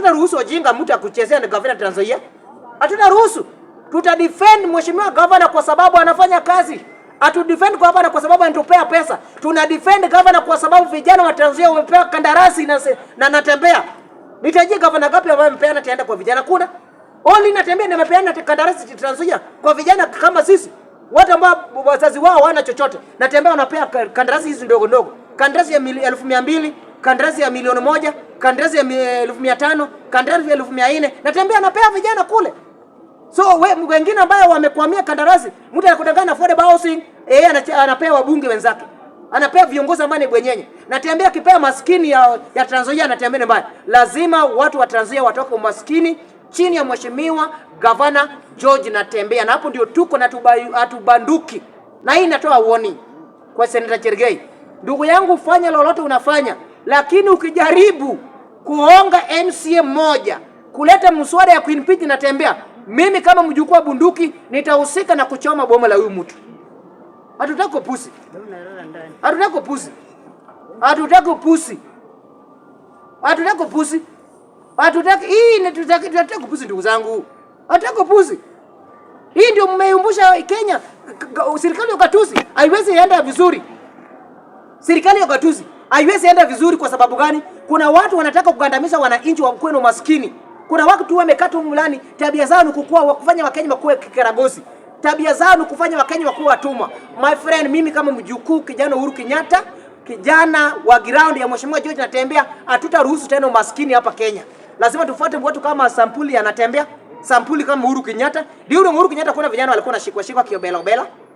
hatuna ruhusu ujinga mtu akuchezea na gavana Trans Nzoia. Hatuna ruhusu. Tuta defend mheshimiwa gavana kwa sababu anafanya kazi. Atu defend gavana kwa sababu anatupea pesa. Tuna defend gavana kwa sababu vijana wa Trans Nzoia wamepewa kandarasi na na natembea. Nitajie gavana gapi ambaye mpea na tenda kwa vijana kuna? Only natembea na mpea na kandarasi Trans Nzoia kwa vijana kama sisi. Watu ambao wazazi wao hawana chochote. Natembea wanapea kandarasi hizi ndogo ndogo. Kandarasi ya elfu kandarasi ya milioni moja, kandarasi ya elfu mia tano, kandarasi ya elfu mia nne. Natembea napea vijana kule. So we, wengine ambao wamekwamia kandarasi, mtu anakutangana anakudanganya affordable housing, eh, anapewa wabunge wenzake. Anapewa viongozi ambao ni bwenyenye. Natembea kipea maskini ya, ya Trans Nzoia anatembea mbaya. Lazima watu wa Trans Nzoia watoke umaskini chini ya mheshimiwa gavana George Natembea, na hapo ndio tuko na hatubanduki, na hii natoa warning kwa Senator Chergei, ndugu yangu, fanya lolote unafanya lakini ukijaribu kuonga MCA mmoja kuleta mswada ya kuimpeach natembea mimi kama mjukuu wa bunduki nitahusika na kuchoma boma la huyu mtu. Hatutaki kupusi, hatutaki kupusi, hatutaki kupusi, hatutaki kupusi, hatutaki hii, tutaki kupusi. Ndugu zangu, hatutaki kupusi. Hii ndio mmeyumbusha Kenya. Serikali ya ugatuzi haiwezi enda vizuri. Serikali ya ugatuzi haiwezi enda vizuri. Kwa sababu gani? Kuna watu wanataka kugandamiza wananchi wa mkweno maskini. Kuna watu wamekata mlani, tabia zao ni kukua wa kufanya wakenya wakuwe kikaragosi, tabia zao ni kufanya wakenya wakuwe watumwa. My friend, mimi kama mjukuu kijana Uhuru Kenyatta, kijana wa ground ya mheshimiwa George Natembea, hatutaruhusu tena umaskini hapa Kenya. Lazima tufuate watu kama sampuli anatembea sampuli kama Uhuru Kenyatta. Ndio Uhuru Kenyatta, kuna vijana walikuwa nashikwa shikwa kiobela obela, obela